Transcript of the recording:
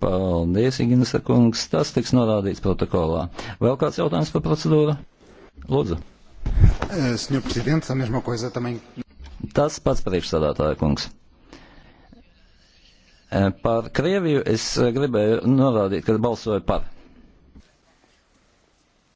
Paldies, Ignas kungs. Tas tiks norādīts protokolā. Vēl kāds jautājums par procedūru? Lūdzu. Eh, Tas pats priekšsādātāja kungs. Eh, par Krieviju es gribēju norādīt, ka balsoju par.